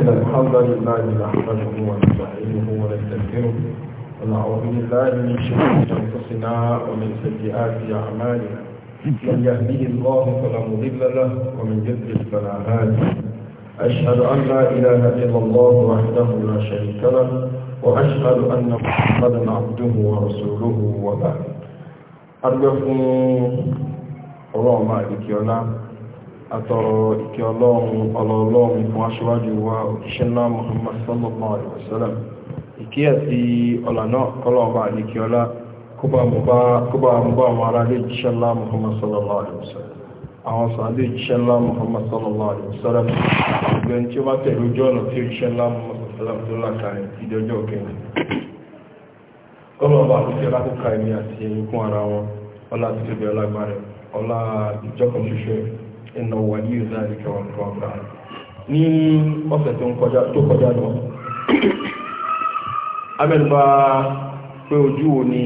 إن الحمد لله نحمده ونستعينه ونستغفره ونعوذ بالله من شرور أنفسنا ومن سيئات أعمالنا من يهديه الله فلا مضل له ومن يضلل فلا هادي أشهد أن لا إله إلا الله وحده لا شريك له وأشهد أن محمدا عبده ورسوله وبعد أرجو الله ما àtọ̀rọ̀ ìkẹ́ ọlọ́run ọlọ́ọ̀lọ́run fún aṣíwájú wa òṣìṣẹ́ ńlá Muhammad sallallahu alaihi wasallam ìkẹ́ àti ọ̀là náà kọlọ̀ọ̀bà àdìkẹ́ ọlá kó bá mú bá àwọn ará lè jíṣẹ́ ńlá Muhammad sallallahu alaihi wasallam àwọn ọlá ìjọkọ̀ ṣoṣo ẹ̀nà wàlí ìrìnà ìjọ ọ̀gbọ̀n ní ọ̀sẹ̀ tó kọjá lọ amẹ́nubá pé ojú wo ni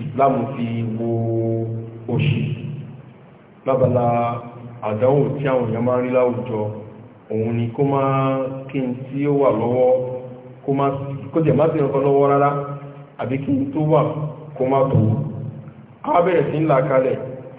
Islam fi wo òṣì lábala àdánwò tí àwọn èèyàn máa ń rí láwùjọ òun ni kó má kí n tí ó wà lọ́wọ́ kó jẹ̀ má sí ọkọ̀ lọ́wọ́ rárá àbí kí n tó wà kó má tó á bẹ̀rẹ̀ sí ń là kalẹ̀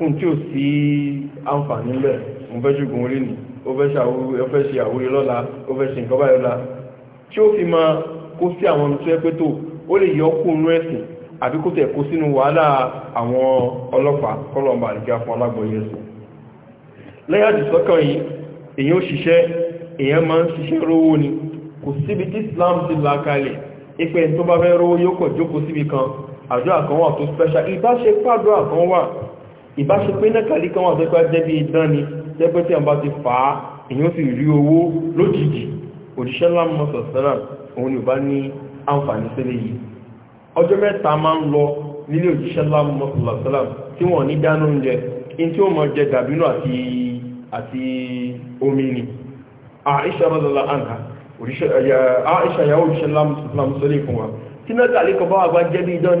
fún tí ò sí àǹfààní lẹ̀ mo fẹ́ ṣùgbọ́n orí nì ó fẹ́ ṣe àwúrí lọ́la ó fẹ́ ṣe nǹkan báyìí lọ́la tí ó fi máa kó sí àwọn ọmọ tó yẹ pé tó ó lè yọ kó nú ẹ̀sìn àbí kó tẹ̀ kó sínú wàhálà àwọn ọlọ́pàá kọ́lọ̀mbà àdìgá fún alágbọ̀nyẹ ẹ̀sìn lẹ́yìn yìí èyàn ó ṣiṣẹ́ èyàn máa ń ṣiṣẹ́ rówó ni kò síbi tí Islam ti là kalẹ̀ ipe tó bá fẹ́ rówó yóò kọ̀ jókòó síbi kan àdúrà kan tó special ìbáṣepàdúrà kan wà ìbáṣepé náà kàlí kan wà tẹ́kọ́ jẹ́ bí idán ni tẹ́pẹ́ tí a bá ti fà á èyàn sì rí owó lójijì òjíṣẹ́ lámọ́sọ̀ sẹ́rà òun ni ò bá ní àǹfààní sílé yìí ọjọ́ mẹ́ta máa ń lọ nílé òjíṣẹ́ lámọ́sọ̀ sẹ́rà tí wọ́n ní dáná oúnjẹ in tí ó mọ jẹ dàbínú àti àti omi ni àìṣà rọ́dọ̀lá àǹkà àìṣà yàwó òjíṣẹ́ lámọ́sọ̀ sẹ́rà fún wa tí náà kàlí kan bá wà gbá jẹ́ bí idán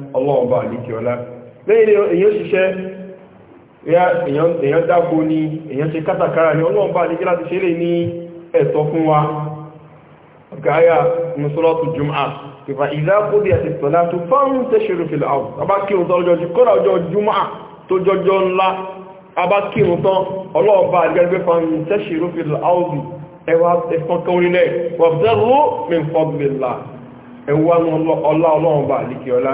ọlọ́ọ̀bá àdíkíọlá lẹ́yìn èyàn ṣiṣẹ́ èyàn dákó ní èyàn ṣe kátàkárà ní ọlọ́ọ̀bá àdíkíọlá ti ṣeré ní ẹ̀tọ́ fún wa gáyà musulatu jum'a ìfà ìdákóbi àti sọ́lá tó fáwọn tẹ́ṣẹ̀rù fìlà àwọn abákí ọjọ́ ọjọ́ jum'a tó jọjọ ńlá abákírun tán ọlọ́ọ̀bá àgbẹ́gbẹ́ fáwọn tẹ́ṣẹ̀rù fìlà àwọn ẹwà ẹ̀fọ́kọ́ orílẹ̀ wọ̀bẹ̀rún min fadlillah ẹwà ọlá ọlọ́ọ̀bá àdíkíọlá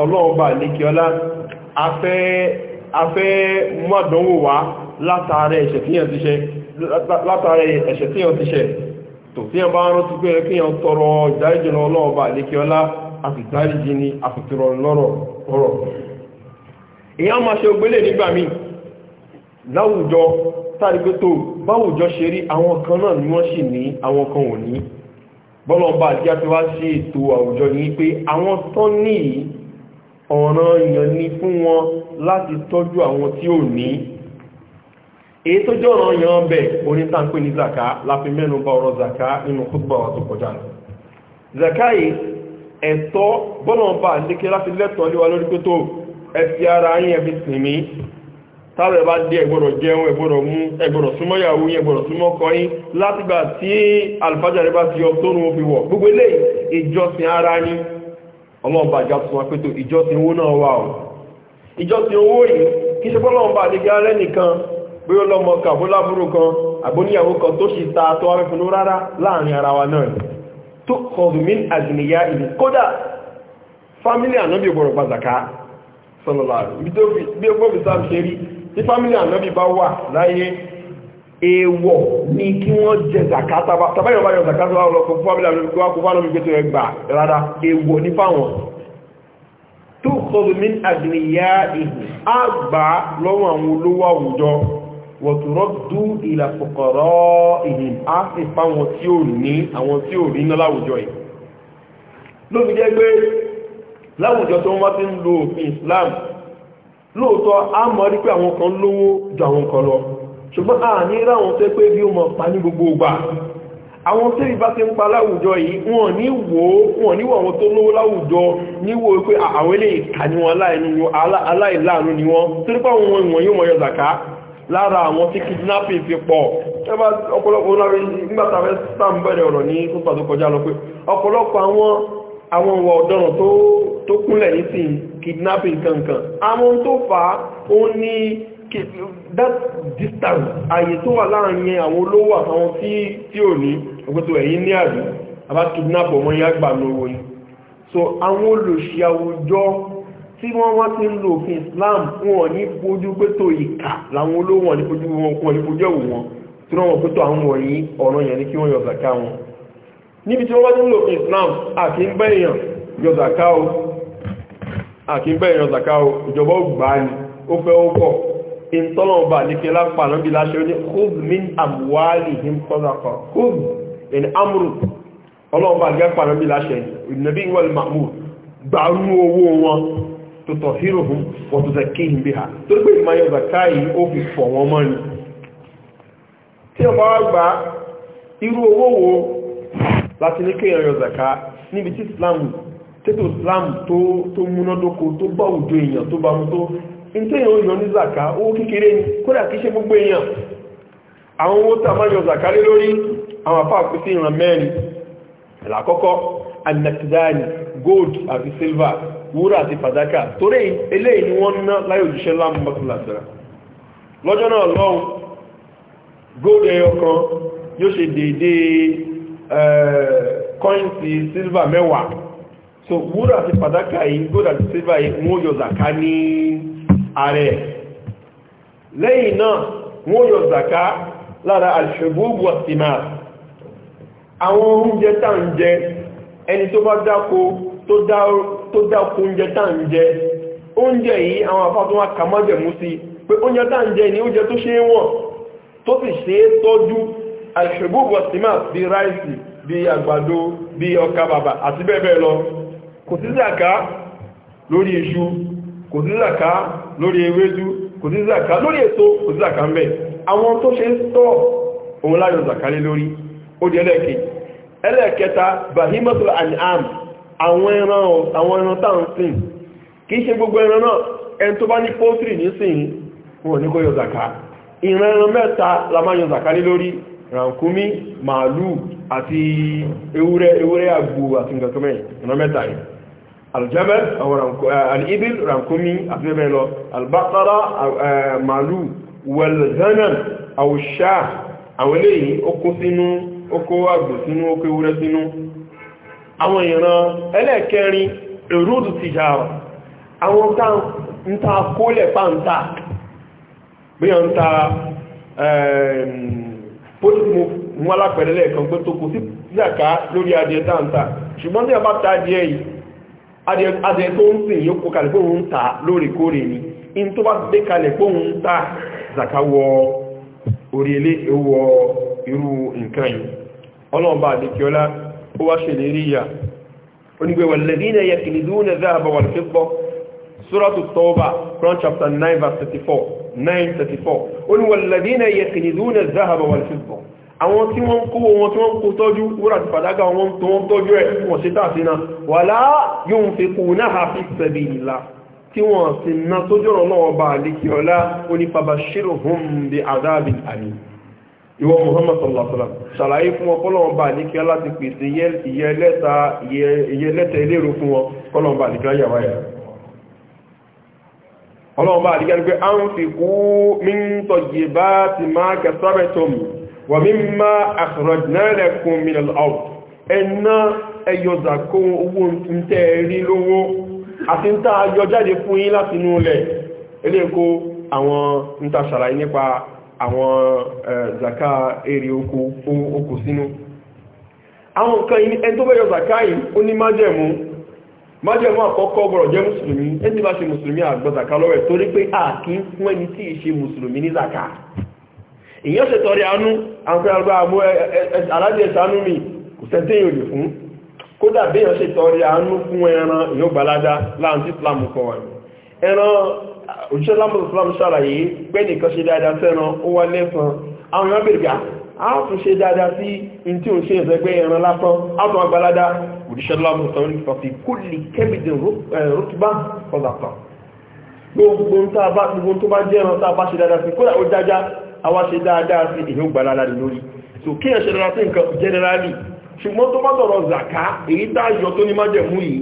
ọlọ́ọ̀bà lékiọlá afẹ́ mọ́dánwò wá látàrí ẹ̀ṣẹ̀ tíyàn ti ṣẹ̀ tó tíyàn bá rán sí pé kíyàn tọrọ ìdáríjìnà ọlọ́ọ̀bà lékiọlá àfìdáríjì ni àfìtìrọ̀ lọ́rọ̀ ọ̀rọ̀ èyàn máa ṣe ògbélé nígbà míì láwùjọ tàbí pé tó báwùjọ ṣe rí ni wọ́n sì ní bọ́lọ̀bá àti àti wá sí ètò àwùjọ ní pé àwọn tán ní ọ̀ràn èèyàn ní fún wọn láti tọ́jú àwọn tí ò ní èyí tó jẹ́ ọ̀ràn èèyàn bẹ̀ onítàǹpé ní zaka láfi mẹ́nu bá ọ̀rọ̀ zaka nínú kúgbà wà tó táwẹ̀ bá dé ẹgbọ́dọ̀ jẹun ẹgbọ́dọ̀ mú ẹgbọ́dọ̀ súnmọ́yàwó yín ẹgbọ́dọ̀ súnmọ́kọ yín látìgbà tí alfajari bá ti yọ tónú fi wọ̀ gbogbo ilé ìjọsìn ara ní ọlọ́ọ̀bà ìjà tún wá pẹ́tò ìjọsìn owó náà wà ọ̀ ìjọsìn owó yìí kí ṣe pọ́lọ́ọ̀bà àdígá lẹ́nìkan bí ó lọ́mọ kan bó lábúrò kan àgbóníyàwó kan tó ṣe ta tó wá fẹ́fún rárá láàrin ara wa náà tó kọ̀dùmí àdìníyà ìlú kódà fámílì ànábì ògbọ̀rọ̀ gbazàká sọ́nà bí ó gbọ́ sáà ṣe rí tí fámílì ànábì bá wà láyé èèwọ̀ ní kí wọ́n jẹ zakata tàbáyọ̀ bá yọ zakata wà lọ́kọ̀ fámílì ànábì kó wákò fámílì gbé tó ẹ gbà rárá èèwọ̀ ní fáwọn tó kọlu min àgbìyà ìhìn á gbà lọ́wọ́ àwọn olówó àwùjọ wọ̀túrọ̀ dú ìlà fọ̀kọ̀rọ̀ ìhìn á sì fáwọn tí ò ní àwọn tí ò rí náà láwùjọ yìí lóbi jẹ́ pé láwùjọ tó wọ́n ti ń lo òfin Islam lóòótọ́ a mọ̀ rí pé àwọn kan lówó ju àwọn kan lọ ṣùgbọ́n a ní ráwọn tẹ́ pé bí ó mọ̀ pa ní gbogbo ìgbà àwọn tẹ́ ìbá ti ń pa láwùjọ yìí wọ́n ní wò wọ́n ní wọ́n tó lówó láwùjọ níwò pé àwọn ilé ìkà ni wọ́n aláìláàánú ni wọ́n tó nípa àwọn ìwọ̀n yóò mọ̀ yọ zàká lára àwọn tí kidnapping fi pọ̀ ẹbá ọ̀pọ̀lọpọ̀ àwọn ìwà ọ̀daràn tó kúnlẹ̀ yìí sí kidnapping kankan àwọn tó fà ó ní that distance àyè tó wà láàrin àwọn olówó àtàwọn tí ò ní ọgbẹ́tò ẹ̀yìn ní àrí àbá kidnap ọmọ yá gbà lówó yìí so àwọn olòṣì àwùjọ tí wọ́n wá ti Islam wọn ní fojú pé tó ìkà làwọn olówó wọn ní fojú wọn kún wọn ní fojú ẹ̀wù wọn tí wọ́n wọ́n pé tó níbi tí wọ́n bá nílò Islam àti ń bẹ́yàn yọzàkáò àti ń bẹ́yàn yọzàkáò ìjọba ó gbà ní ó fẹ́ ó pọ̀ ìntọ́lọ̀ọ̀bà ní kí lápàá náà bí láṣẹ ní khudh min amwalihim sadaqa khudh in amru ọlọ́ọ̀bà ní kápàá náà bí láṣẹ ìnàbí wal ma'mur tí wọ́n bá irú owó wo láti ní kéèyàn yọ zaka níbi tí islam tètò islam tó múnádóko tó bá òjò èèyàn tó bá mú tó ní yọ ní zaka owó kékeré ni kódà kìí ṣe gbogbo èèyàn àwọn owó tá a máa yọ zaka lé lórí àwọn afáà pèsè ìran mẹ́rin anatidani gold àti silver wúrà àti fàdákà torí eléyìí ni wọ́n ná láyé òjíṣẹ́ kọ́ìntì eh, silva mẹ́wàá so wúrà àti fàdákà yìí gold àti silver yìí wọ́n yọ zàká ní ààrẹ lẹ́yìn náà wọ́n yọ zàká lára al-hububu was-simar àwọn oúnjẹ tá ń jẹ ẹni tó bá dáko tó dáko oúnjẹ tá ń jẹ oúnjẹ yìí àwọn afáfún wa sí pé oúnjẹ tá ń oúnjẹ tó ṣe é tó sì ṣe tọ́jú alṣubúbọ̀ simas bí ráìsì bí àgbàdo bí ọkà bàbà àti bẹ́ẹ̀ bẹ́ẹ̀ lọ kò sí zaka lórí iṣu kò sí zaka lórí ewédú kò sí zaka lórí èso kò sí zaka ń bẹ àwọn tó ṣe ń tọ́ òun láyọ zakalé lórí ó di ẹlẹ́ẹ̀kẹ́ ẹlẹ́ẹ̀kẹta bahimatul an'am àwọn ẹran àwọn ẹran táwọn sìn zaka ìran ẹran mẹ́ta la máa yọ zakalé lórí ràǹkúmí màálù àti ewúrẹ́ ewúrẹ́ àgbò àti nǹkan mẹ́rin ọ̀nà mẹ́ta yìí aljabẹ́ eh, al'ibil ràǹkúmí àti mẹ́rin lọ albaqara eh, màálù walghanan àwòṣà àwọn eléyìí okó sínú okó àgbò sínú okó ewúrẹ́ sínú àwọn ìran ẹlẹ́ẹ̀kẹrin èrúdù tìjára pólítì mo mú alápẹ̀rẹ̀ lẹ́ẹ̀kan pé tó kò sí zaka lórí adìẹ táǹtà ṣùgbọ́n tí a bá ta adìẹ yìí adìẹ tó ń sìn yóò kó kalẹ̀ pé òun ń ta lóòrèkóòrè ni in tó bá dé kalẹ̀ pé òun ń ta zaka wọ orí ilé wọ irú nǹkan yìí ọlọ́ọ̀bá àdékiọlá ó wá ṣèlérí ìyà onígbèwà lẹ́dínà yẹ kìlìdún náà záàbà wal fidda Suratu Tawbah, Quran chapter 9 verse 34 934 ó ní walladhina yaknizuna adh-dhahaba wal-fidda àwọn tí wọ́n kó wọn tí wọ́n kó tọ́jú wúrà ti fàdágà wọn tó wọ́n tọ́jú ẹ̀ wọ́n sí tààsínà wala yunfiqunaha fi sabilillah tí wọ́n sì ná tó jọ́rọ̀ lọ́wọ́ bá àlékí ọlá onífàbàṣírùhùn ọlọ́run bá àdíkẹ́ pé a ń fi kú míntọ̀ yìí bá ti máa kẹsọ́rẹ̀ tó mú wà mí má àṣọ̀rọ̀dínlẹ́kùn minal out ẹ̀nà ẹyọzà kó owó tẹ́ rí lówó àti ń tàà yọ jáde fún yín láti inú ilẹ̀ eléko àwọn ń ta ṣàlàyé nípa àwọn zaka èrè oko sínú àwọn nǹkan ẹni tó bẹ́yọ zaka yìí ó ní májẹ̀mú májẹ̀mọ́ àkọ́kọ́ gbọ́rọ̀ jẹ́ mùsùlùmí ẹni bá ṣe mùsùlùmí àgbọ́zàká lọ́rẹ̀ torí pé a kìí fún ẹni tí ṣe mùsùlùmí ní zaka èyàn ṣe tọrẹ anú àwọn àgbà àmú alájẹ̀ mi kò sẹ́tẹ́ òjò fún kódà béèyàn ṣe tọrẹ anú fún ẹran èyàn gbalada láàrín islam kọ wà ẹran òṣìṣẹ́ lámùsùlùmí ṣàlàyé pé nìkan ṣe a ó tún ṣe dáadáa sí in tí ó ṣe ìfẹ́gbẹ́ ẹran lásán a tún agbálada òdíṣẹ́lámù sọ̀rọ̀ ìfọ̀fì kúlì kẹ́bìdìn rútùbá ọ̀zàtọ̀ gbogbo tó bá jẹ́ ẹran tá a bá ṣe dáadáa sí kódà ó dájá a so kí ẹ̀ ṣe dáadáa generally ṣùgbọ́n tó bá sọ̀rọ̀ zàká èyí dájọ́ tó ní májẹ̀mú yìí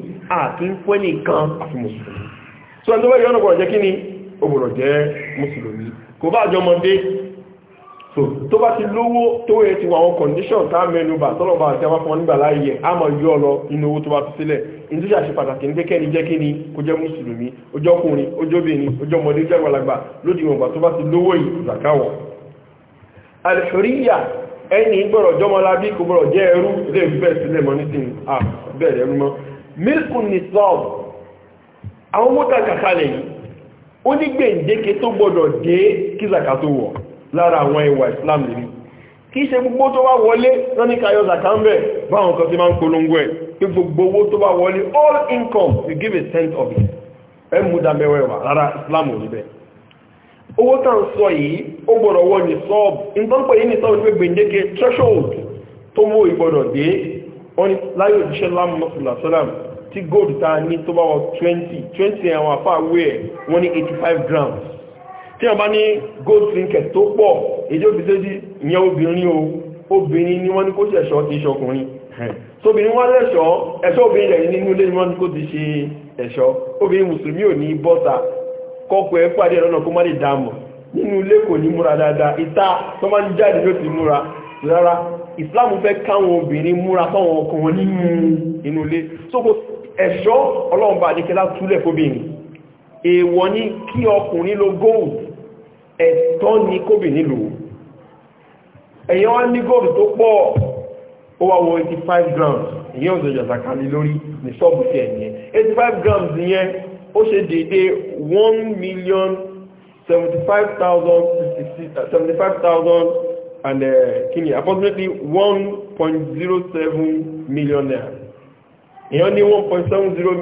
so ẹni tó bá yọ́nà gbọ́dọ̀ jẹ́ kí ni so tó bá ti lówó tó yẹ ti wà àwọn condition tá mẹ́nubà tọ́lọ̀bà àti àwọn afọ nígbà láàyè a mọ̀ yọ lọ inú owó tó bá fi sílẹ̀ ní tó ṣàṣe pàtàkì ní kékeré jẹ́ kí ni kó jẹ́ mùsùlùmí ojú ọkùnrin ojú obìnrin ojú ọmọdé jẹ́ àgbàlagbà lódì ìwọ̀nba tó bá ti lówó yìí zakawọ̀ alhuriya ẹni gbọ́dọ̀ jọmọlábí kò gbọ́dọ̀ jẹ́ ẹrú lè bẹ́ẹ̀ sílẹ̀ mọ́ nísìn bẹ́ẹ̀ ẹrú mọ́ lára àwọn ìwà islam nìrí kìí ṣe gbogbo tó wá wọlé lọ́ní kayo zakambe báwọn kan ti máa ń polongo ẹ̀ pé gbogbo owó tó wá wọlé all income you give a tenth of it ẹ mú dámẹ́wẹ̀wà rárá islam ò níbẹ̀ owó tàn sọ yìí ó gbọ́dọ̀ wọ ní sọ́ọ̀bù ìtọ́pọ̀ yìí ní sọ́ọ̀bù pé gbèǹdéke threshold tó mú ìgbọ́dọ̀ dé wọ́n ni láyé òjíṣẹ́ lámùsùlùmí tí gold ta ní tó bá wọ 20 20 àwọn àfáà wé ẹ̀ wọ́n ní 85 grams tí wọ́n bá ní gold trinket tó pọ̀ èdè òfìsẹ́dì ìyẹn obìnrin o obìnrin ni wọ́n ní kó ṣẹ̀ṣọ́ ti ṣọkùnrin tóbìnrin wọ́n lẹ́ṣọ́ ẹ̀ṣọ́ obìnrin rẹ̀ nínú ilé wọ́n ní kó ti ṣe ẹ̀ṣọ́ obìnrin mùsùlùmí ò ní bọ́ta kọ́kọ́ ẹ pàdé ẹ̀rọ náà kó má lè dámọ̀ nínú ilé kò ní múra dáadáa ìta tó má ń jáde ló ti múra rárá Islam fẹ́ káwọn obìnrin múra fáwọn ọkùnrin nínú inú ilé sókò ẹ̀ṣọ́ ọlọ́run bá àdékẹ́lá túlẹ̀ fóbìnrin èèwọ̀ ní kí ọkùnrin lo gold ẹ̀tọ́ ni kóbì nílùú ẹ̀yàn wá ní góòlù tó pọ̀ ó wà wọ 85 grams ìyẹn òjò jàzàkà lé lórí ní ṣọ́ọ̀bù sí ẹ̀yẹn 85 grams yẹn ó ṣe dédé 1 million uh, and uh, kini approximately 1.07 million naira èèyàn ní 1.70 uh,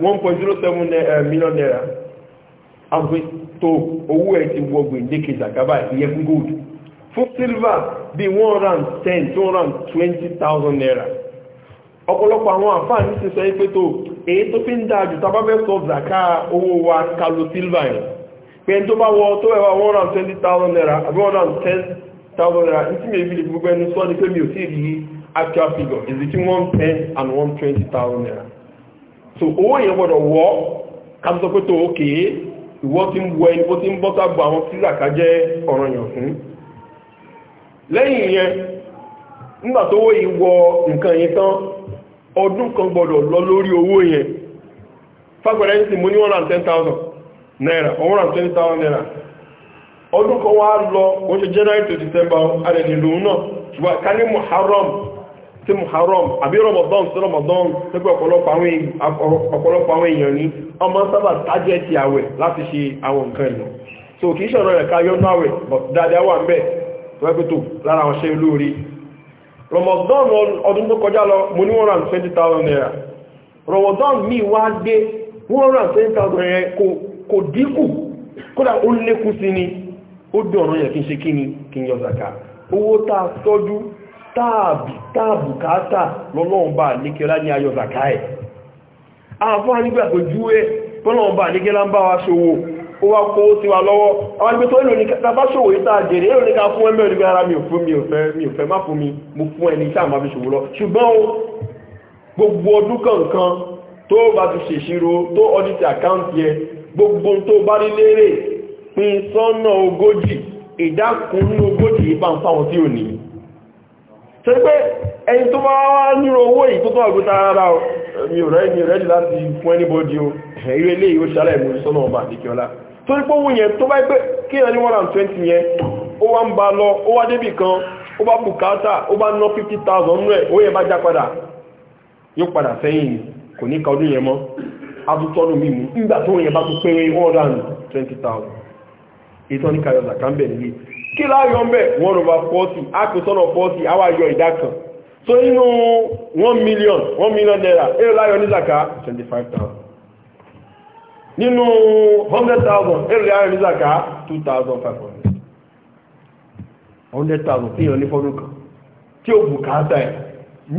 1.07 uh, million naira àgbẹ̀ tó owó ẹ̀ ti wọ gbèǹdéke zakaba ìyẹn fún gold fún silver bí one round ten two naira ọ̀pọ̀lọpọ̀ àwọn àfáà ní sísọ ipé tó èyí tó fi ń dáa jù sọ zaka owó wa kalu silva ẹ̀ pé tó bá wọ tó ẹwà 120,000 naira àbí 110,000 naira ní tí mi ìbílì gbogbo ẹni sọ́ ní pé mi ò sí rí actual figure is between 110 and 120,000 naira so owó yẹn gbọ́dọ̀ wọ́ kàtọ́ pé tó òkè ìwọ ti ń wẹ ó ti ń bọ́ sábọ̀ àwọn tí zaka jẹ́ ọ̀ranyàn fún lẹ́yìn yẹn nígbà tó wó ìwọ nǹkan yìí tán ọdún kan gbọdọ̀ lọ lórí owó yẹn fagbẹ̀rẹ̀ yìí sì mú ní 110,000 naira 120,000 naira ọdún kan wá lọ oúnjẹ January to December náà ní tí muharram àbí rọmọdán sí rọmọdán tẹ́gbẹ́ ọ̀pọ̀lọpọ̀ àwọn èèyàn ní ọmọ sábà tájẹ́ẹ̀tì àwẹ̀ láti ṣe àwọn nǹkan ìlú so kìí ṣọ̀rọ̀ rẹ̀ ká yọ́nú àwẹ̀ dáadáa wà ń bẹ̀ wẹ́pẹ̀tò lára àwọn ṣe olóorí rọmọdán ọdún tó kọjá naira rọmọdán mi wá gbé 120,000 naira kò dínkù kódà ó lékún sí ni ó dùn ọ̀rọ̀ yẹn kí n táàbì táàbù káàtà lọ́lọ́run bá níkẹ́lá ní ayọ̀ zàká ẹ̀ àfáà nígbà pé jú ẹ́ tọ́lọ́run bá níkẹ́lá ń bá wa ṣòwò ó wá kó sí wa lọ́wọ́ àwọn ibi tó ìlòní tàbá ṣòwò ìta àjèrè èrò ní ká fún ẹmẹ́ orí ara mi ò fún mi ò fẹ́ mi ò fẹ́ má fún mi mo fún ẹni ìdákùnrin ogójì ìbá tí ò nìyí ṣe pé ẹni tó máa wá nírò owó yìí tó tó àgbéta rárá o mi ò rẹ́ mi ò rẹ́dì láti fún anybody o irú ilé yìí ó ṣàlẹ̀ sọ́nà ọba àdékíọ́lá torí pé owó yẹn tó bá pé kí ẹni and 20 yẹn ó wá ń ba lọ ó kan ó bá bùkátà ó bá ná 50,000 thousand rẹ̀ ó yẹ bá já padà yóò padà sẹ́yìn kò ní ka yẹn mọ́ ìtọ́ ní kayọ̀ zakambe nílé kí láyọ̀ ń bẹ̀ one over forty akùsọ́nà forty àwa yọ ìdá kan so inú one million one million naira èrò láyọ̀ ní zaka twenty five thousand nínú hundred thousand èrò láyọ̀ ní zaka two thousand five hundred hundred thousand tí yàn ní fọ́dún kan tí ó bùkátà ẹ̀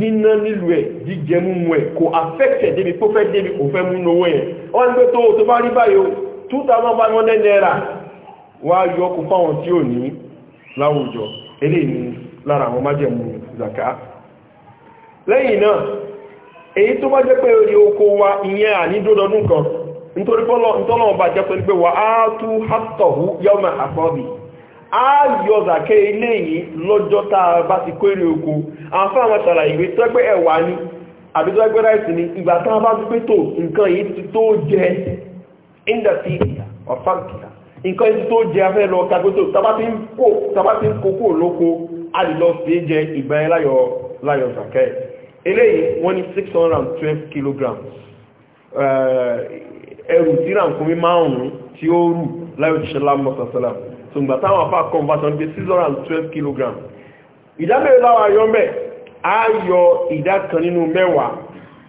níná nílùú ẹ̀ jíjẹ múmu ẹ̀ kò affected débi kó fẹ́ débi kò fẹ́ múnú owó yẹn wọ́n ń gbé tó tó bá rí báyìí o naira wá yọ kó fáwọn tí ò ní láwùjọ eré ní lára àwọn májẹ̀mú zaka lẹ́yìn náà èyí tó bá pé orí oko wa ìyẹn ànídódọdún kan nítorí tọ́lọ̀ bá jẹ́ pẹ̀lú pé wà á hátọ̀hú a yọ zaka ilé yìí lọ́jọ́ táa bá oko sàrà ìwé tó ẹ̀wà ni ìgbà táa bá pé tó nǹkan yìí ti tó nǹkan ẹni tó jẹ afẹ́ lọ kagbótó tàbátí ń kókó lóko a lè lọ sí jẹ ìgbẹ̀yẹn láyọ̀ zakẹ́ eléyìí wọ́n ní 612 kg eh, ẹrù tí ràǹkúnmí márùn-ún tí ó rù láyọ̀ ṣẹlá mọ́sàsọ́lá so ìgbà táwọn afá conversion bí 612 kg ìdábẹ̀rẹ̀ láwọn ayọ́ mẹ́ a yọ ìdá kan nínú mẹ́wàá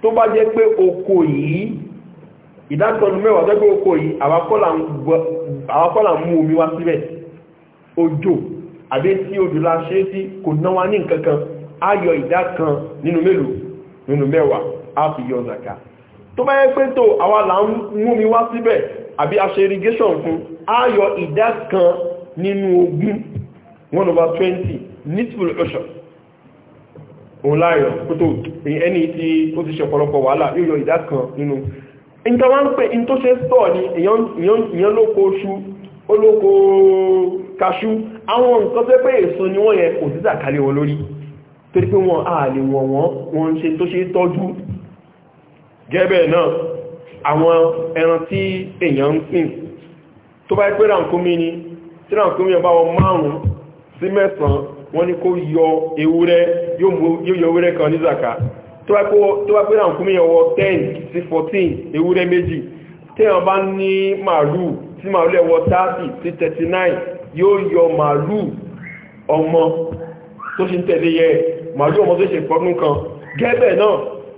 tó bá jẹ́ pé oko yìí ìdákanu mẹ́wàá tó gbé oko yìí àwakọ́là mú omi wá síbẹ̀ òjò àbí tí odò la ṣe tí kò náwà ní nǹkankan a yọ ìdá kan nínú mélòó nínú mẹ́wàá a fi yọ zaka tó bá yẹ pé tó àwa là ń mú mi wá síbẹ̀ àbí a ṣe fún a yọ nínú ogún 1 over 20 nítìfúlù ọ̀ṣọ̀ òun láyọ̀ kó tó ẹni tí ó ti ṣe ọ̀pọ̀lọpọ̀ wàhálà yóò yọ ìdá nínú ìjọ wọ́n ń pè in ṣe stọ̀ ní èyàn lóko oṣù olóko kaṣú àwọn nǹkan tó pé èso ni wọ́n yẹ kò sí zàkálẹ̀ wọn lórí tó pé wọn a lè wọ̀n wọ́n wọ́n ń ṣe tó ṣe tọ́jú gẹ́bẹ̀ náà àwọn ẹran tí èyàn ń pín tó bá pé ràǹkúmí ni tí ràǹkúmí ọba wọn márùn-ún sí mẹ́sàn-án wọ́n tó wá pé náà kúmí ọwọ́ 10 sí 14 ewúrẹ́ méjì tí wọ́n bá ní màálù tí màálù ẹwọ́ 30 sí 39 yóò yọ màálù ọmọ tó ṣe ń tẹ̀lé yẹ màálù ọmọ tó ṣe pọ́dún kan gẹ́bẹ̀ náà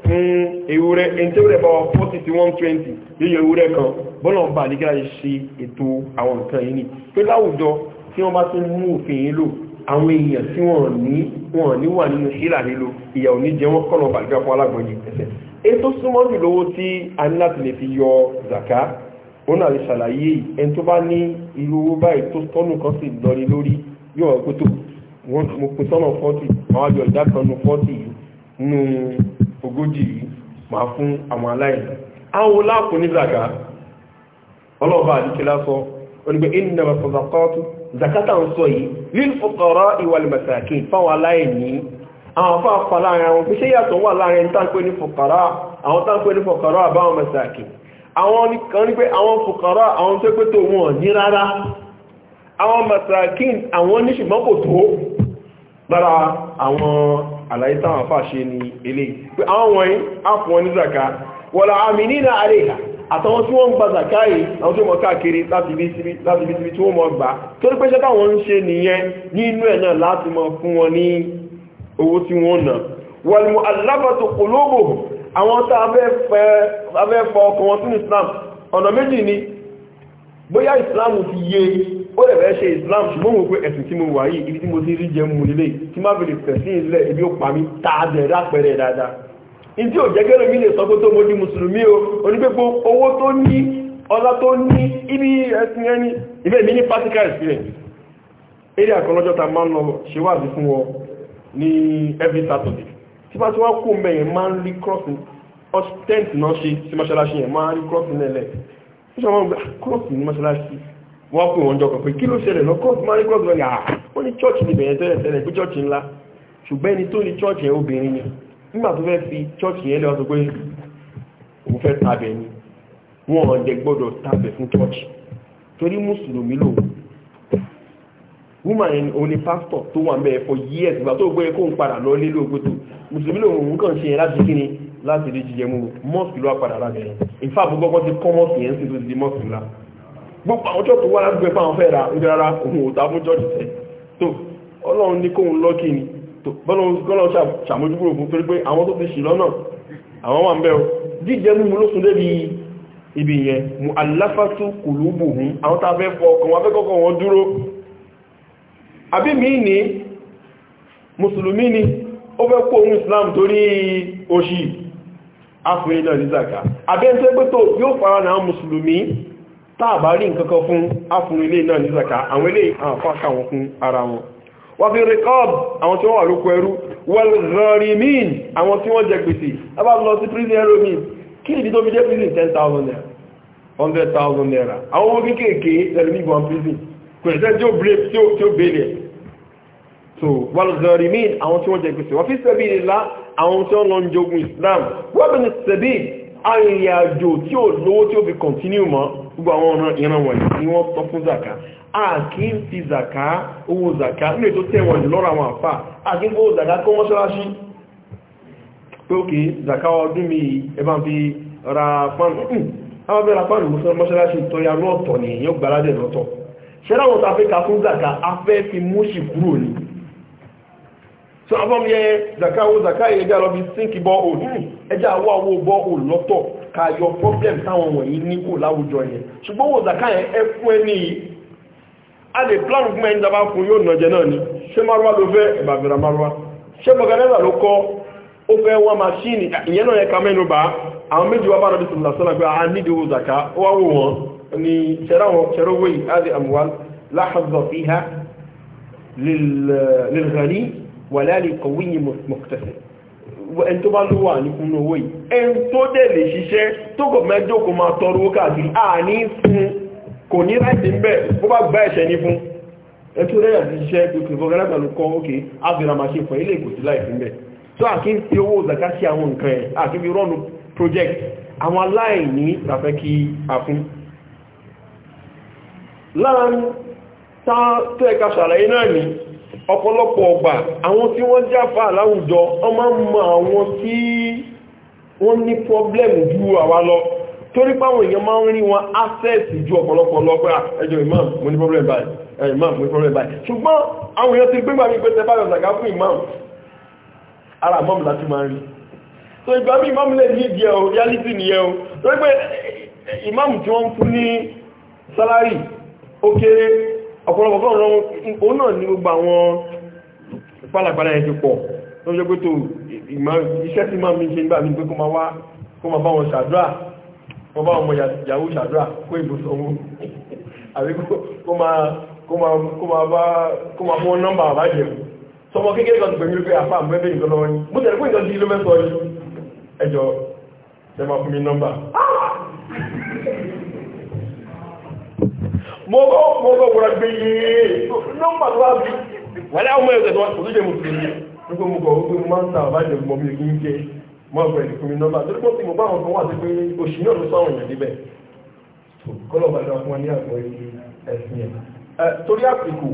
fún ewúrẹ́ ẹ̀ntẹ́wúrẹ́ bá wọ́n 40 sí 120 yóò yọ ewúrẹ́ kan bọ́lọ̀ ń bà nígbà ṣe ètò àwọn nǹkan yìí ni pé láwùjọ tí wọ́n bá tún mú òfin yìí àwọn èèyàn tí wọ́n ní wọ́n ní wà nínú ṣílà lílo ìyà òní jẹ wọ́n kọ́nà bàjá fún alágbọ̀njì ẹsẹ̀ ètò súnmọ́ jù lówó tí a ní láti lè fi yọ zaka ó náà lè ṣàlàyé ẹni tó bá ní irú owó báyìí tó tọ́nù kan sì lọrí lórí yóò pé tó mo pin sọ́nà zakata ń lil fuqara'i wal masakin fáwọn aláìní àwọn fáwọn fà láàrin àwọn fi ṣe yàtọ̀ wà láàrin táńpé ní fuqara àwọn táńpé ní fuqara àbáwọn masakin àwọn kan ní pé àwọn fuqara àwọn tó pé tó wọn ní rárá àwọn masakin àwọn ní kò tó àtàwọn tí wọ́n ń gba zakai àwọn tí wọ́n mọ káàkiri láti ibi síbi láti ibi síbi tí wọ́n mọ gbà torí pé iṣẹ́ táwọn ń ṣe nìyẹn nínú ẹ̀ náà láti mọ fún wọn ní owó tí wọ́n ná Islam ọ̀nà méjì ni bóyá Islam ti yé ó Islam ṣùgbọ́n wọ́n pé mo wà yìí ibi tí mo ti rí jẹun mú lélẹ̀ tí má fi lè fẹ̀ pa mí tààdẹ̀ rápẹ̀rẹ̀ dáadáa ìdí ò jẹ́ gẹ́rẹ́ mi lè sọ pé tó mo di mùsùlùmí o onígbégbó owó tó ní ọlá tó ní ibi ẹ̀sìn ẹni ibẹ̀ mi ní practical experience eré àkọlọ́jọ́ ta máa ń lọ ṣèwádìí fún wọn ní every Saturday tí bá tí wọ́n kó mẹ́yìn máa ń rí crossing tent náà ṣe sí mọ́ṣáláṣí yẹn máa ń rí crossing lẹ́lẹ̀ nígbà wọn gbà ah, crossing ní mọ́ṣáláṣí wọ́n pè wọ́n jọkọ̀ pé kí ló ṣẹlẹ̀ crossing lẹ́lẹ̀ ah wọ́n ní church níbẹ̀ yẹn tẹ́lẹ̀ tẹ́lẹ̀ pé church ńlá ṣùgbẹ́ni tó ní church yẹn obìnrin nígbà tó fẹ́ fi chọ́ọ̀chì yẹn lọ́wọ́ sọ pé òun fẹ́ tabẹ̀ ni wọ́n ọ̀dẹ gbọ́dọ̀ tabẹ̀ fún chọ́ọ̀chì torí mùsùlùmí lò woman yẹn òun ni pásítọ̀ tó wà mẹ́ẹ̀ for years ìgbà tó gbé kóun padà lọ nílé ògbótò mùsùlùmí lò òun kàn ṣe yẹn láti kí ni láti rí jíjẹ mú mọ́ọ̀sì ló wà padà lábẹ́ yẹn in fact gbogbo ti kọ́ mọ́ọ̀sì yẹn sí tó ti di mọ́ọ̀sì ńlá gbogbo àwọn chọ́ọ̀tù wà láti gbé fáwọn fẹ́ ra ń rárá òun ò ta fún chọ́ọ̀tù tẹ̀ tó ọlọ́run ní kóun lọ́kì ni bọ́lọ̀ ṣàmójúkúrò fún torí pé àwọn tó ti ṣì lọ́nà àwọn wà ń bẹ̀rọ jíjẹ múmú ló sún débi ibi yẹn mú aláfàtú kùlúbù hún àwọn tá fẹ́ fọ ọkàn wọn fẹ́kọ́kọ́ wọn dúró àbí mi ní mùsùlùmí ni ó fẹ́ kó ohun Islam torí oṣì afúnni náà ní zaka àbẹ́ntẹ́ pẹ́tọ̀ yóò fara náà mùsùlùmí táàbá rí nǹkankan fún afúnni náà ní zaka àwọn ilé àwọn fákà wọn fún wọ́n fi rikọ́b àwọn tí wọ́n wà lóko ẹrú wọ́lgọ́rìmín àwọn tí wọ́n jẹ gbèsè ẹbá lọ sí prison aeromin kí ìdí tó fi jẹ́ prison 10,000 naira 100,000 naira àwọn owó kéèkéé tẹ̀lẹ̀mígbọ̀n prison pẹ̀lẹ̀ tí ó brave tí ó bèèlẹ̀ so wọ́lgọ́rìmín àwọn tí wọ́n jẹ gbèsè wọ́n fi sẹ́bí ìlà àwọn tí wọ́n lọ ń jogun Islam wọ́n bẹ̀rẹ̀ sẹ́bí arìnrìn àjò tí ó lówó tí ó fi continue mọ́ gbogbo àwọn ọ̀nà ìran wọ̀nyí ni wọ́n tọ́ fún zaka a kì í fi zaka owó zaka ní ètò tẹ́wọ̀n jù lọ́rọ̀ àwọn àfà a kì í fowó zaka kó wọ́n ṣọ́láṣí pé òkè zaka ọdún mi ẹbá fi ra fánù àwọn hmm, bẹ́ra fánù mọ́ṣáláṣí tọ́ya lọ́ọ̀tọ̀ fi múṣì kúrò ní so abọ́m zaka owó zaka ẹja lọ bí sínkì bọ́ òòlù ẹja àwọ̀ àwọ̀ ká yọ problem táwọn wọ̀nyí níkò láwùjọ yẹn ṣùgbọ́n wò zaka yẹn ẹ fún ẹ ní a lè plan fún ẹni dábàá fún yóò nàjẹ náà ni ṣé márùwá ló fẹ́ ẹ̀bà fẹ́ra márùwá ṣé mọ̀gánẹ́sà ló kọ́ ó fẹ́ wá maṣíìnì ìyẹn náà yẹ ká mẹ́nu bá àwọn méjì wá bá bí sọ̀rọ̀ sọ́nà pé a nídìí wò zaka ó wá wò wọ́n ni ṣẹ̀rọ wòye àti àmúwá láhàzọ̀ ẹni tó bá ló wà nínú owó yìí ẹni tó dẹ̀ lè ṣiṣẹ́ tó kọ̀ mẹ́jọ kò máa tọrọ owó káàkiri àní fún kò ní láti ń bẹ̀ bó bá gbá ẹ̀ṣẹ̀ ní fún ẹ tó rẹ̀yà ti ṣiṣẹ́ ìpínlẹ̀ fọ́gálágbà ló tó àkí project àwọn aláìní tàfẹ́ kí a fún láàrín tá tó ṣàlàyé náà ni ọ̀pọ̀lọpọ̀ ọgbà àwọn tí wọ́n jáfà láwùjọ wọ́n máa ń mọ àwọn tí wọ́n ní problem ju àwa lọ torí páwọn èèyàn máa ń rí wọn access ju ọ̀pọ̀lọpọ̀ lọ pé ẹjọ́ imam problem báyìí imam mo ní problem báyìí ṣùgbọ́n àwọn èèyàn ti gbégbà mi pé imam ara imam láti máa rí so ìgbà mi imam lè ní ìdí ẹ̀ o imam tí wọ́n fún ní salary ó ọ̀pọ̀lọpọ̀ òun náà ní gbogbo àwọn pálàpàlà ẹ̀ṣẹ̀ pọ̀ tó jẹ́ pé tó iṣẹ́ tí máa mi ṣe nígbà ní pé kó máa wá kó máa bá wọn ṣàdúrà kó bá wọn yàwó ṣàdúrà kó ìbò sanwó àbí kó máa mọ́ nọ́mbà àbájẹ̀ sọmọ kékeré kan pẹ̀lú pé àpá àmúẹ́bẹ̀ ìgbọ́lọ́wọ́ ni mo tẹ̀lé pé ìgbọ́n mogo mogo wura be ye no ma wa bi wala o ma yo to o de mu ni ko mo ko o ma ta ba de mo mi kin ke mo ko ni ko mi no ba to ko ti mo ba wọn kan wa se pe o si yo lo so wọn níbẹ̀ to ko lo ba da wọn ni agbo yi ẹ̀sìn e torí àsìkò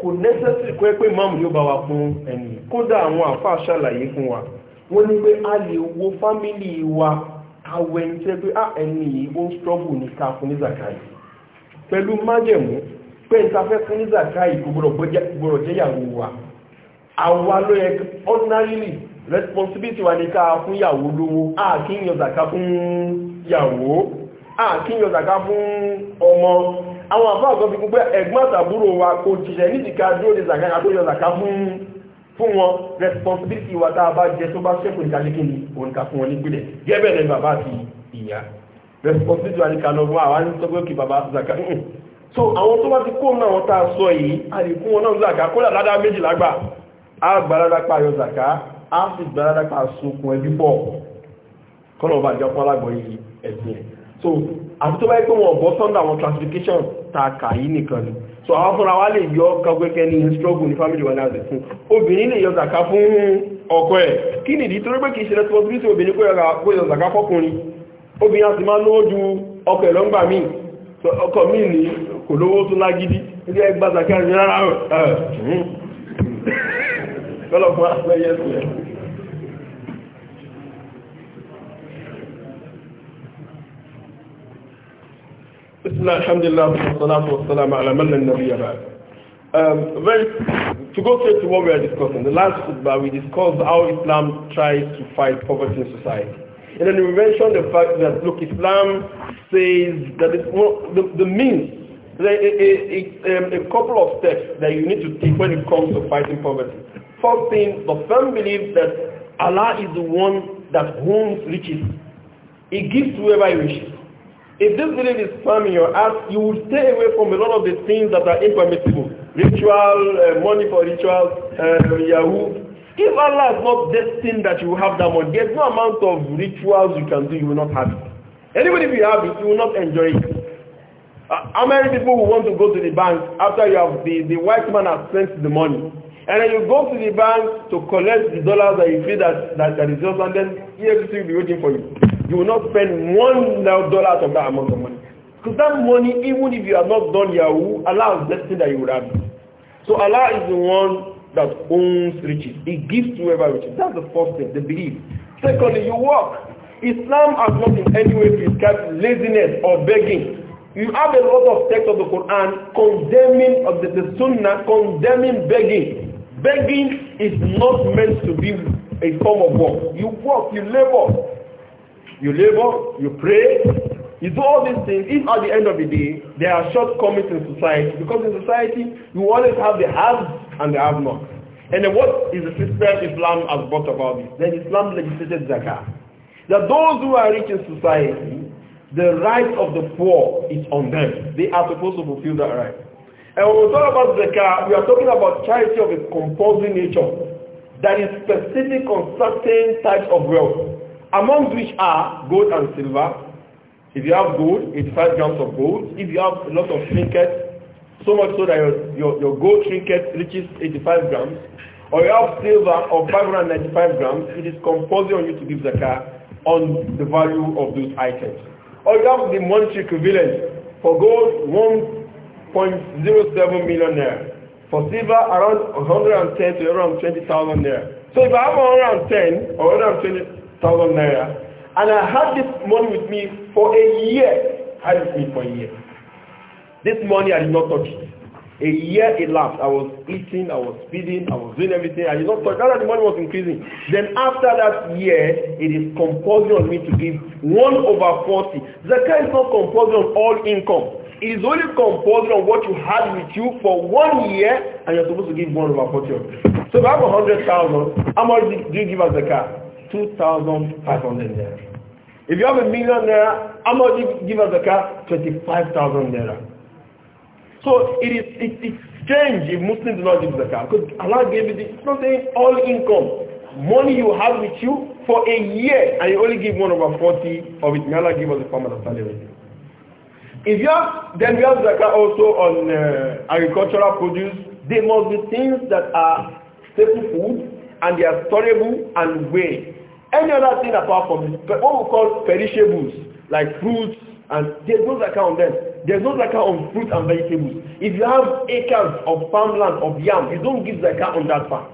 kò necessary ko pe imam yo ba wa fún ẹni kódà àwọn àfáà ṣàlàyé fún wa wọ́n ní pé a lè wo family wa awẹ́ntẹ́ pé a ah, ẹni yìí ó ń struggle pẹ̀lú májẹ̀mú pé ìtafẹ́ fún ní zaka ìgbòrò jẹ́yàwó wa àwa ló yẹ ordinarily responsibility wa ní ká fún yàwó lówó àkíyàn zaka fún yàwó àkíyàn zaka fún ọmọ àwọn àbá àgbọ́ fi gbogbo ẹ̀gbọ́n àtàbúrò wa kò jìṣẹ́ ní ti ká dúró ní zaka àkóyàn zaka fún wọn responsibility wa tá a bá jẹ tó bá ṣẹ́kù ní kálíkì ní òǹkà fún wọn ní gbílẹ̀ gẹ́bẹ̀rẹ̀ bàbá àti ìyá responsibility àríkàlọ́gbọ́n àwọn àrísọ́gbọ́kì bàbá zaka so àwọn tó bá ti kó náà wọ́n tàà sọ yìí a lè fún wọn náà zaka kó làdá méjì lágbà a gbàládá pa ayọ zaka a sì gbàládá pa sókun ẹbí pọ̀ kọ́nà bá jẹ́ fún alágbọ̀ yìí ẹ̀sìn ẹ̀ so àti tó bá yẹ pé wọn bọ́ sọ́ndà wọn classification ta kà yìí nìkan ni so àwọn fúnra wa lè yọ kagbẹ́kẹ́ ní struggle ní family wa náà fún obìnrin lè yọ zaka fún ọkọ ẹ̀ kí nìdí torí pé kì í ṣe responsibility obìnrin kó yọ zaka fọ́kùnrin obìnrin àti máa lówó ju ọkọ ẹ̀lọ́ ńgbà míì ọkọ ní kò lówó tó lágídí ilé ẹgbà zakari rárá lọ́lọ́fún àpẹyẹ sí ẹ̀ Bismillah, alhamdulillah, wassalatu wassalamu Um, when, to go straight to what we are discussing, the last khutbah we discussed how Islam tries to fight poverty in society. And then we mentioned the fact that, look, Islam says that it, the, the means, a, a, a, um, a couple of steps that you need to take when it comes to fighting poverty. First thing, the firm belief that Allah is the one that owns riches. He gives to whoever he wishes. If this belief is firm in your heart, you will stay away from a lot of the things that are impermissible. Ritual, uh, money for rituals, uh, Yahoo, If Allah is not destined that you will have that money, there's no amount of rituals you can do, you will not have it. Anybody if you have it, you will not enjoy it. Uh, how many people who want to go to the bank after you have the, the white man has sent the money? And then you go to the bank to collect the dollars that you feel that, that, that is yours and then everything will be waiting for you. You will not spend one dollar out of that amount of money. Because that money, even if you have not done Yahoo, Allah has destined that you will have it. So Allah is the one that owns riches. he gives to whoever riches. That's the first thing, the belief. Secondly, you work. Islam has not in any way prescribed laziness or begging. You have a lot of texts of the Quran condemning of the, the Sunnah, condemning begging. Begging is not meant to be a form of work. You work, you labor. You labor, you pray, you do all these things. If at the end of the day, there are shortcomings in society, because in society, you always have the haves and they have not. And then what is the system Islam has brought about this? Then Islam legislated zakah. That those who are rich in society, the right of the poor is on them. They are supposed to fulfill that right. And when we talk about zakah, we are talking about charity of a compulsory nature that is specific on certain types of wealth, among which are gold and silver. If you have gold, 85 grams of gold. If you have a lot of trinkets, so much so that your, your, your gold trinket reaches 85 grams, or you have silver of 595 grams, it is compulsory on you to give zakah on the value of those items. Or you have the monetary equivalent for gold 1.07 million naira, for silver around 110 to around 20,000 naira. So if I have 110 or 120,000 naira, and I had this money with me for a year, I had it with me for a year. This morning I did not touch A year elapsed. I was eating, I was feeding, I was doing everything. I did not touch. That's the money was increasing. Then after that year, it is compulsory on me to give one over forty. Zakah is not compulsory on all income. It is only compulsory on what you had with you for one year and you're supposed to give one over forty. of it. So if I have a hundred thousand, how much do you give as five hundred naira. If you have a million naira, how much do you give as five thousand naira. So it is it, is strange if Muslims do not give Zakat because Allah gave it. It's not saying all income, money you have with you for a year and you only give one over forty of it. May Allah give us a permanent salary. If you have, then we have Zakat also on uh, agricultural produce. There must be things that are staple food and they are storable and weigh. Any other thing apart from this, what we call perishables like fruits and Zakat on them There's no zakah on fruit and vegetables. If you have acres of farmland of yam, you don't give zakah on that farm.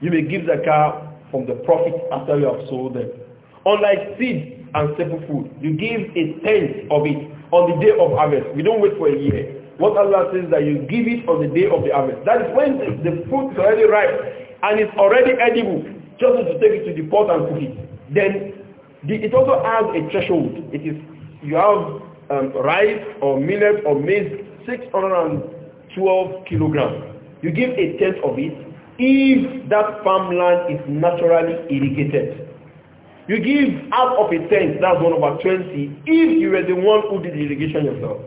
You may give zakah from the profit after you have sold them. Unlike seeds and staple food, you give a tenth of it on the day of harvest. We don't wait for a year. What Allah says that you give it on the day of the harvest. That is when the, the fruit is already ripe and it's already edible. Just to take it to the pot and cook it. Then the, it also has a threshold. It is you have um, rice or millet or maize 612 kilograms. You give a tenth of it if that farmland is naturally irrigated. You give half of a tenth, that's one over 20, if you were the one who did the irrigation yourself.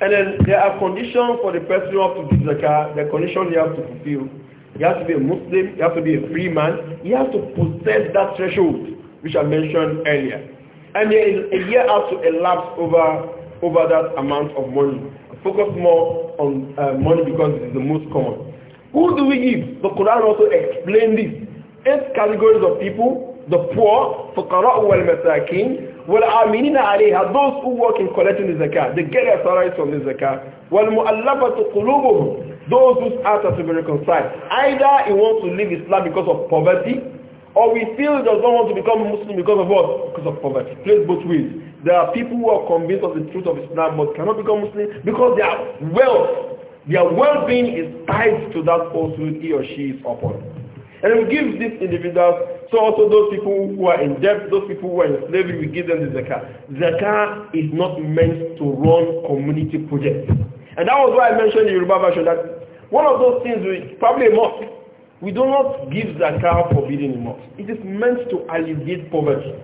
And then there are conditions for the person who has to give zakah, the condition you have to fulfill. You have to be a Muslim, you have to be a free man, you have to possess that threshold, which I mentioned earlier. And there is a year has to elapse over over that amount of money. Focus more on uh, money because it is the most common. Who do we give? The Quran also explained this. Eight categories of people, the poor, فقراء والمساكين, والآمنين عليها, those who work in collecting the zakat, they get their salaries from the zakat, والمؤلفة قلوبهم, those whose hearts are to be reconciled. Either he wants to leave Islam because of poverty, or we still does not want to become Muslim because of what? Because of poverty. It plays both ways. There are people who are convinced of the truth of Islam but cannot become Muslim because their wealth, their well-being is tied to that falsehood he or she is upon. And we give these individuals, so also those people who are in debt, those people who are in slavery, we give them the zakah. Zakah is not meant to run community projects. And that was why I mentioned the Yoruba version that one of those things we probably must We do not give zakah building a mosque. It is meant to alleviate poverty.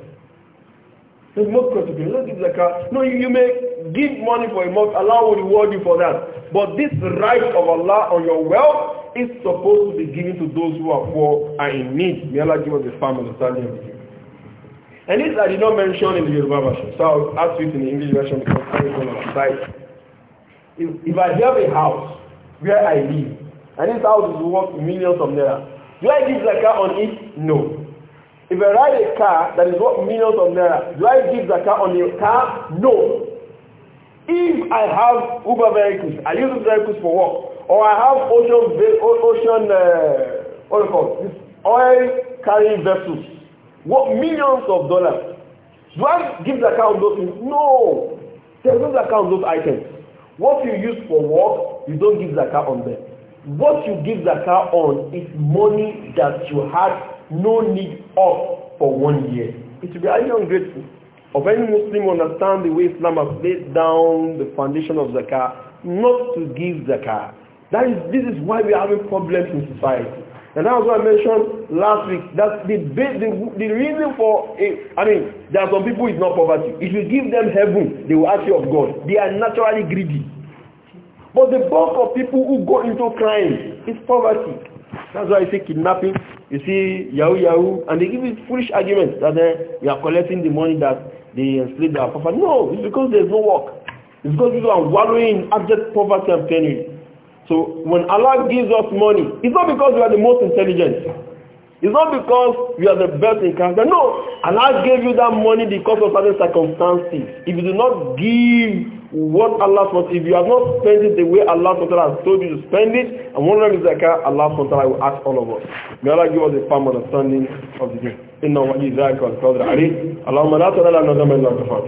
There's most consequences. Don't give zakah. No, you, you, may give money for a mosque. Allah will reward you for that. But this right of Allah on your wealth is supposed to be given to those who are poor and in need. May Allah give us the firm understanding of it. And this I did not mention in the Yoruba version. So I'll ask you it in the English version because I don't know. If I have a house where I live, and this house is worth millions of naira. Do I give zakah on it? No. If I ride a car that is worth millions of naira, do I give zakah on the car? No. If I have Uber vehicles, I use vehicles for work, or I have ocean, ocean uh, what do you call this oil carrying vessels, worth millions of dollars, do I give zakah on those things? No. There is no zakah on those items. What you use for work, you don't give zakah on them. what you give zakah on is money that you had no need of for one year. It will be highly ungrateful. Of any Muslim understand the way Islam has laid down the foundation of zakah, not to give zakah. That is, this is why we are having problems in society. And that was what I mentioned last week. That the, the, the reason for, it, eh, I mean, there are some people it's not poverty. If you give them heaven, they will ask you of God. They are naturally greedy. But the bulk of people who go into crime is poverty. That's why I say kidnapping. You see, yahoo yahoo, and they give you foolish arguments that uh, eh, we are collecting the money that they enslaved their papa. No, it's because there's no work. It's because people are wallowing in abject poverty and penury. So when Allah gives us money, it's not because we are the most intelligent. It's not because we are the best in character. No, Allah gave you that money because of certain circumstances. If you do not give what Allah wants. If you have not spent it the way Allah has told you to spend it, and one of zakah, Allah will ask all of us. May Allah give us a firm understanding of the deen. إنه ولي ذلك والقدر عليه اللهم لا تدع لنا ذنبا إلا غفرته